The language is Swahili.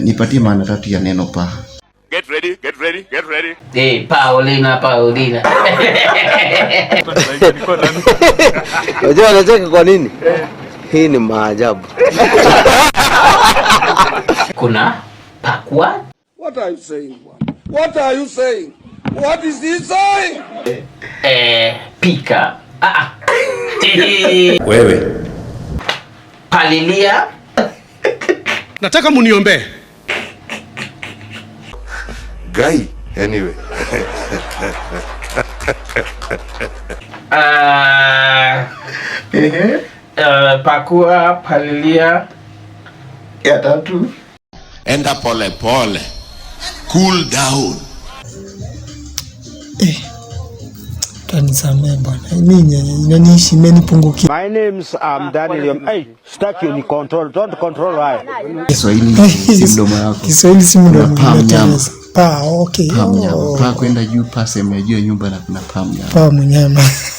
nipatie maana tatu ya neno paa. Get ready, get ready, get ready. Hey, eh, Paulina, Paulina. Unajua anacheka kwa nini? Hii ni maajabu. Kuna pakwa? What are you saying? What are you saying? What is he saying? Eh, pika. Ah. ah. Wewe. Palilia. Nataka muniombee guy anyway. Uh, uh, pakua palilia ya tatu, enda pole pole, cool down. Eh, bwana, My name's um, Daniel. Hey, sitaki ni control, don't control haya. Kiswahili si mdomo wako. Kiswahili si mdomo wako. Paa, okay. Paa mnyama. Oh. Paa kwenda juu, paa sehemu ya juu ya nyumba na kuna paa mnyama. Paa mnyama.